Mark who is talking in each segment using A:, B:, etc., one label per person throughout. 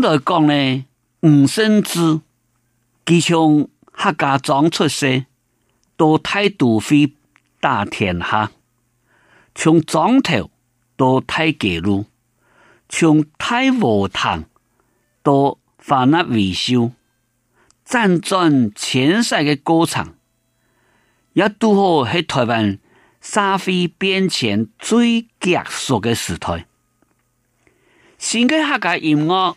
A: 來、就、講、是、呢，吳盛智，自從客家長出世，到太多飛打天下，從樟頭到太吉路，從太和堂到華納維修，輾轉前世的歌唱，也都好喺台灣社會變遷最急速嘅時代。新嘅客家音樂。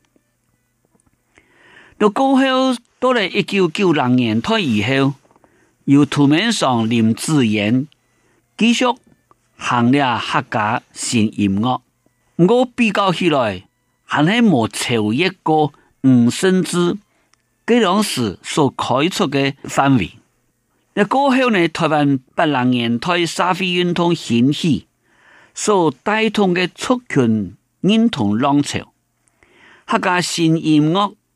A: 高校到過後到嚟一九九零年代以後，由圖面上林志穎繼續行了客家新音樂，我比較起來，還是冇超越過吳盛智當時所開出嘅範圍。那過後呢，台灣八零年代社會運動興起，所帶動嘅族群認同浪潮，客家新音樂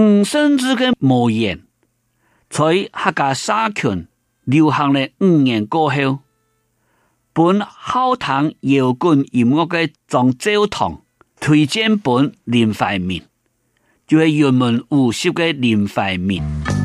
A: 吳盛智根無言，在客家沙拳流行了五年過後，本浩堂搖滾音樂嘅藏焦堂推薦本連塊面，就係原門無錫嘅連塊面。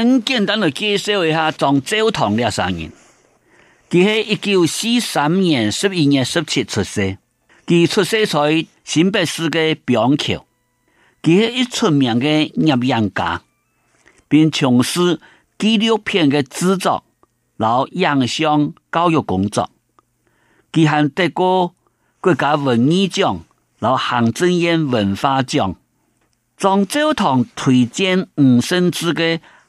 A: 很簡單來介紹一下張照堂倆人。伊係一九四三年十一月十七出生，伊出生在新北市嘅板橋，伊係一出名嘅攝影家，並從事紀錄片嘅製作，然後影像教育工作。佢還得過國家文藝獎，然後行政院文化獎。張照堂推薦吳盛智嘅。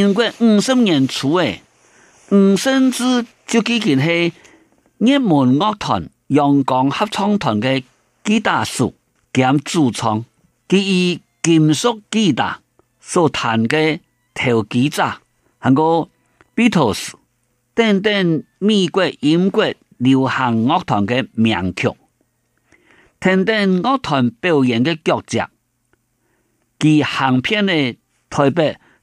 A: 民國五十年初，吳盛智就幾件係熱門樂團、陽光合唱團嘅吉他手兼主唱，及以金屬吉他所彈嘅投機者，還有 Beatles 等等美國、英國流行樂團嘅名曲，等等樂團表演嘅腳着，其行偏嘅台北。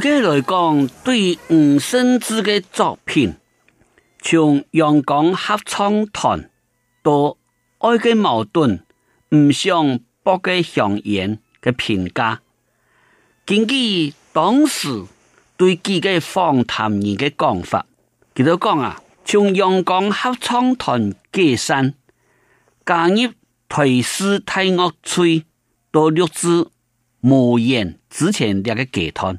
A: 佢嘅來講，對吳盛智嘅作品，從楊廣合唱團到《愛嘅矛盾》，唔像博嘅向言嘅評價。根據當時對自己訪談人嘅講法，佢都講啊，從楊廣合唱團解散，加入裴氏太岳村到錄製莫言之前兩個集團。